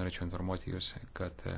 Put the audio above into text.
Norėčiau informuoti Jūs, kad